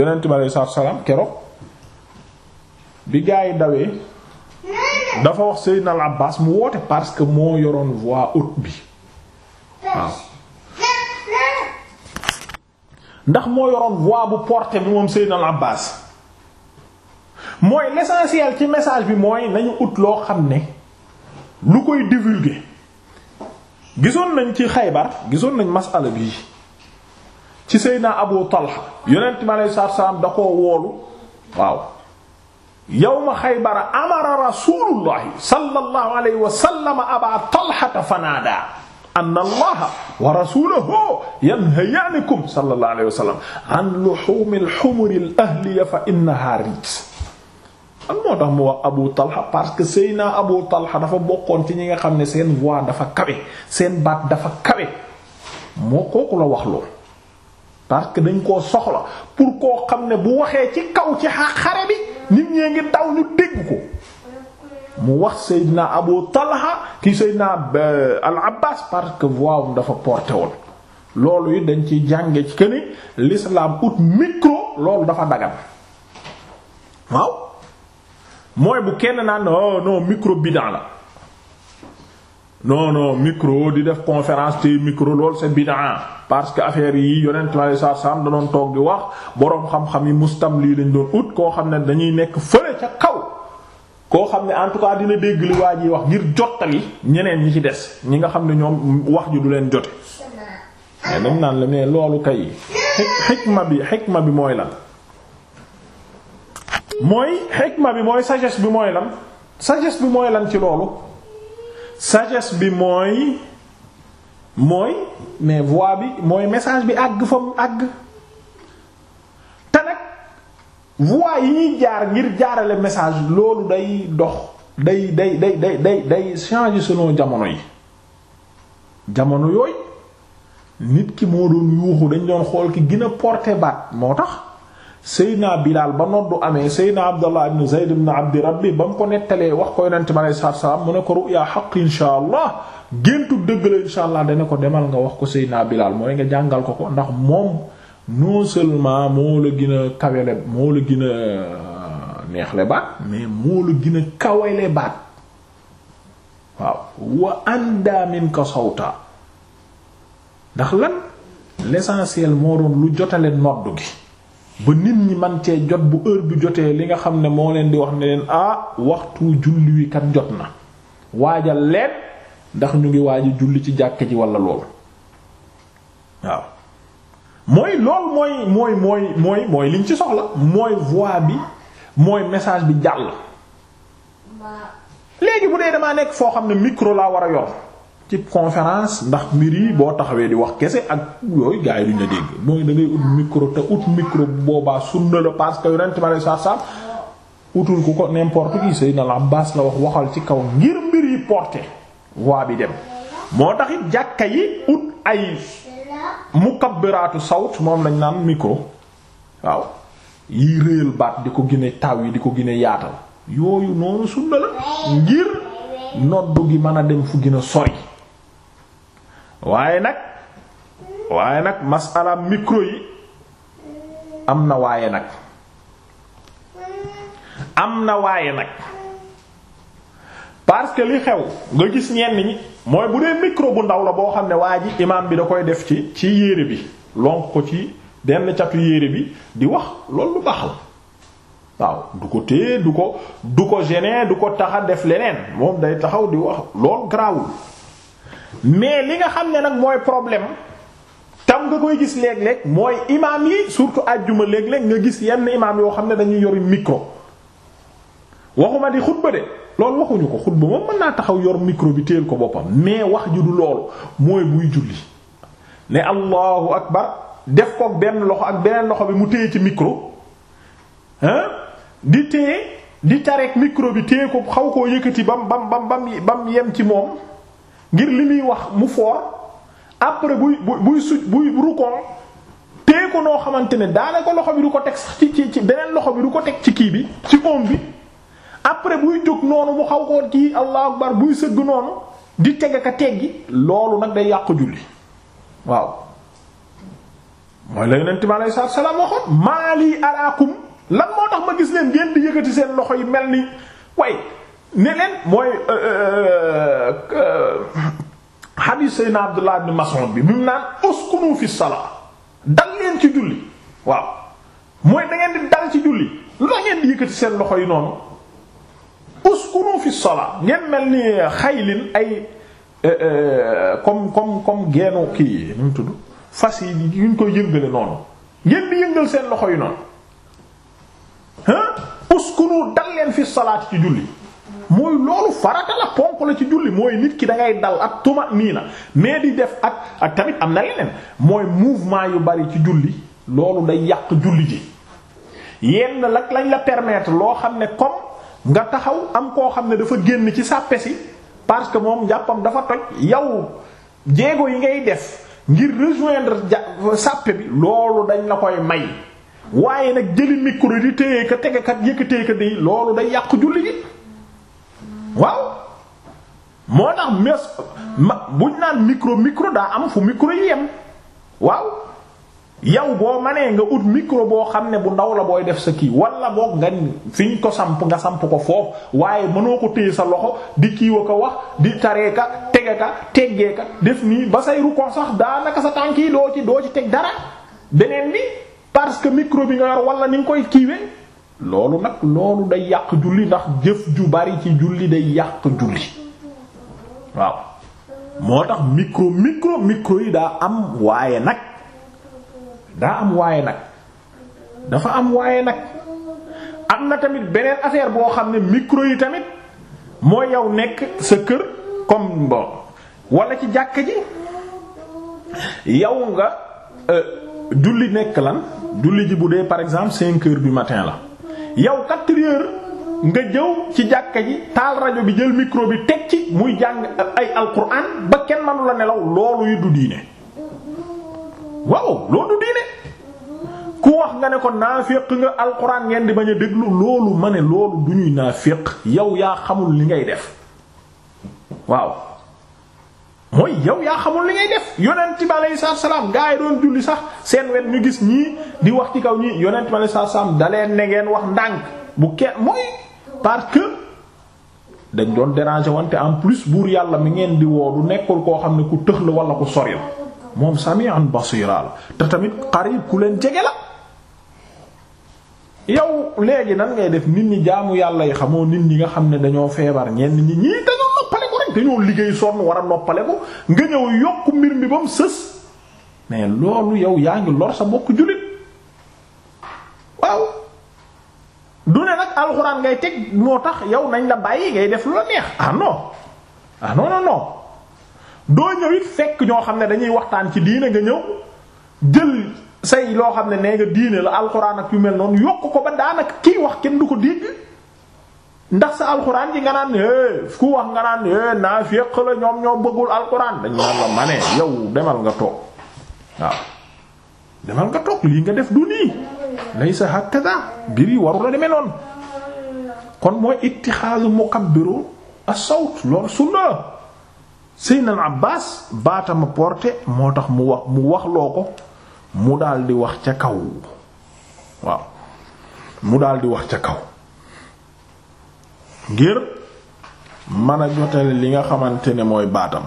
yonent bi aleyhi salaatu wa salaam bi gaa yi dawee dafa wax Seydina Al mu woote parce que moo yoroon voix haute bi ndax moo yoroon voix bu portée bi moom Seydina Al Abbas mooy l'essentiel ci message bi mooy nañu ut loo xam ne lu koy divulguer gisoon nañ ci Xaybar gisoon nañ masala bii ci Seydina Abu Talha yonent mi alayhi salaatu salaam da koo woolu waaw yawma Xaybar amara rasuulullahi sallallahu alayhi wa sallam Aba Talha fanaadaa anna Allaha wa rasuulahu yanhayaanikum sallallahu alayhi wa sallam an luhuumil humuril ahliya fa innahaa rijs am moo tax mu wax Abu Talha parce que Seydina Abu Talha dafa bokkoon ci ñi nga xam ne seen voix dafa kawe seen baat dafa kawe moo kooku la wax lool parce que dañ koo soxla pour koo xam ne bu waxee ci kaw ci xare bi nit ñee ngi daw ñu dégg ko mu wax Seydina Abu Talha ki Seydina euh, Al Abbas parce que voix dafa porté woon loolu yi dañ ci jànge ci këni l'islam ut micro loolu dafa dagan waaw mooy bu kenn naan oh, non micro bidan la non non micro di def conférence te micro lool c'est bid'a parce que affaire yi yonent mi alayhi salaam da doon toog di wax boroom xam-xam yi lii lañ doon ut koo xam ne dañuy nekk fële ca kaw koo xam ne en tout cas dina dégg li waa ji wax ngir jottali ñeneen ñi ci des ñi nga xam ne ñoom wax ji du leen jote mais dañ naan la mais loolu kay xikma bi xikma bi mooy lan mooy xikma bi mooy sagesse bi mooy lan sagesse bi mooy lan ci loolu sages bi mooy mooy mais voix bi mooy message bi àgg fa mu àgg te nag yi ñuy jaar ngir jaarale message loolu day dox day day day day day day changer selon jamono yi jamono yooyu nit ki moo doon yuuxu dañ doon xool ki gën a porter baat moo tax Seydina bilaal ba noddu amee Seydina Abdallah ibn Zayd ibn Abdi Rabbi ba mu ko nettalee wax ko Yonent bi alayhi salaatu salaam mu ne ko ru'ya haqq insha géntu dëgg la insha allah dana ko demal nga wax ko Seydina Bilal mooy nga jàngal ko ko ndax moom non seulement moo la gën a kawele a neexle baat mais moo la waaw wa anda minka sawta ndax lan l'essentiel moo doon lu jotale noddu gi ba nit ñi man cee jot bu heure bi jotee li nga xam ne moo leen di wax ne leen ah waxtu julli wi kat jot na waajal leen ndax ñu ngi waaj julli ci jàkk ji wala lool waaw mooy lool mooy mooy mooy mooy liñ ci soxla mooy voix bi mooy message bi jàll léegi bu dee damaa nekk foo xam ne micro laa war a yor ci conférence ndax mbir yi boo taxawee di wax kese ak yooyu gars yi duñ la dégg mooy da ut micro te ut micro boobaa sunna la parce que yonent ma lay saar saar utul ku ko n'importe qui Seydina Abbas la wax waxal ci kaw ngir mbir yi porté waa bi dem moo taxit jàkka yi ut ay mukabbiraatu sawt moom lañ naan micro waaw yi réyal baat di ko gine taw yi di ko gine yaatal yooyu noonu sunna la ngir noddu gi mën a dem fu gën a sori waaye nag waaye nag masala mikro yi am na waaye nag am na waaye nag parce li xew nga gis ñenn ñi mooy bu dee micro bu ndaw la boo xam ne waa ji imaam bi da koy def ci ci yére bi lonk ko ci denn catu yére bi di wax loolu lu waaw du ko téye du ko du ko gêner du ko taxa def leneen moom day taxaw di wax loolu garaawul mais li nga xam ne nag mooy problème tam nga koy gis léeg-léeg mooy imaam yi surtout àjjuma léeg-léeg nga gis yenn imaam yoo xam ne dañuy yori mikro waxuma di xutba de loolu waxuñu ko xutba moom mën naa taxaw yor micro bi téel ko boppam mais wax ju du loolu mooy buy julli ne allahu akbar def ko benn loxo ak beneen loxo bi mu téye ci micro hein di téye di tareek micro bi téye ko xaw koo yëkkati bam bam bam bam yem ci moom ngir li muy wax mu foor après buy buy suj buy rukoon tee ko noo xamante ne ko loxo bi du ko teg sax ci ci ci beneen loxo bi du ko teg ci kii bi ci oom bi après buy jóg noonu mu xaw koo kii allahu akbar buy sëgg noonu di teg ak teggi loolu nag day yàq julli waaw mooy la yonent bi aleyhi salaatu salaam waxoon maa lii araakum lan moo tax ma gis leen ngeen di yëkkati seen loxo yi mel ni way ne mooy xadiis euh, euh, euh, Seydina Abdullah ibn Mas'ud bi bi mu naan uskunu fi salaa dal leen ci julli waaw mooy da di dal ci julli lu tax ngeen di yëkkati seen loxo yi noonu uskunu fi salaa ngeen mel ni xay xaylin ay comme comme comme geenu kii nu mu tudd fas yi yuñ koy yëngale noonu ngeen di yëngal seen loxo yi noonu hein uskunu dal leen fi salaat ci julli loolu farata la ponk la ci julli mooy nit ki da ngay dal ak tuma nii na mais di def ak ak tamit am na leneen mooy mouvement yu bari ci julli loolu day yàq julli ji yenn lak lañ la permettre loo xam ne comme nga taxaw am koo xam ne dafa génn ci sàppe si parce que moom jàppam dafa toj yow jéego yi ngay def ngir rejoindre sàppe bi loolu dañ la koy may waaye nag jëli micro di téye ka tege kat yëkkatee ka di loolu day yàq julli ji waaw moo tax mes ma buñ naan micro micro daa am fu micro yi yem waaw yow boo manee nga ut micro boo xam ne bu ndaw la booy def sa kii walla boog nga fiñ ko samp nga samp ko foofu waaye mënoo ko téye sa loxo di kiiwa ko wax di taree ka tege ka teggee ka def nii ba say ruko sax daanaka sa tànk ci doo ci teg dara beneen bi parce que micro bi nga yor wala ni nga koy kiiwee. loolu nag loolu day yàq julli ndax jëf ju bari ci julli day yàq julli waaw moo tax micro micro micro yi daa am waaye nag daa am waaye nag dafa am waaye nag am na tamit beneen affaire boo xam ne micro yi tamit moo yow nekk sa kër comme bon wala ci jàkk ji yow nga euh, julli nekk lan julli ji bu dee par exemple cinq heures du matin la yow quatre nga jëw ci jàkka ji taal rajo bi jël micro bi teg ci muy jàng ay alquran ba kenn manu nelaw loolu yu du diine waaw loolu du diine ku wax nga ne ko naaféq nga alquran ngeen di bañ a déglu loolu ma ne loolu du naaféq yow yaa xamul li ngay def waaw mooy yow yaa xamul li ngay def yonent bi aleyhi salaam gaa yi doon julli sax seen wet ñu gis ñii di wax ci kaw ñii yonent bi aleyhi salaatu salaam dalee ne ngeen wax ndànk bu kenn mooy parce que dañ doon déranger wante en plus buur yàlla mi ngeen di woo du nekkul koo xam ne ku tëx la wala ku sori la moom sami'an basira la te tamit qarib ku leen jege la. yow léegi nan ngay def nit ñi jaamu yàlla yi xamoo nit ñi nga xam ne dañoo feebar ñenn nit ñi te ñoo liggéey sonn war a noppale ko nga ñëw yokk mbir mi ba mu sës mais loolu yow yaa ngi lor sa bokk jullit waaw du ne nag alxuraan ngay teg moo tax yow nañ la bàyyi ngay def lu la neex ah non ah non non non doo ñëw it fekk ñoo xam ne dañuy waxtaan ci diine nga ñëw jël say loo xam ne nee nga diine la alxuraan ak yu mel noonu yokk ko ba daanaka kiy wax kenn du ko dégg. ndax sa alxuraan ji nga naan ku wax nga naan naafiq la ñoom ñoo bëggul alxuraan dañu naan la manee yow demal nga toog waaw demal nga toog lii nga def du nii laysa hakaza mbir yi waru la demee noonu kon mooy ittixaazu mukabbiru as-sawt loolu sunna Seynal Abbaas baatama porté moo tax mu wax mu wax loo ko mu daal di wax ca kaw waaw mu daal di wax ca kaw ngir mën a jotale li nga xamante ne mooy baatam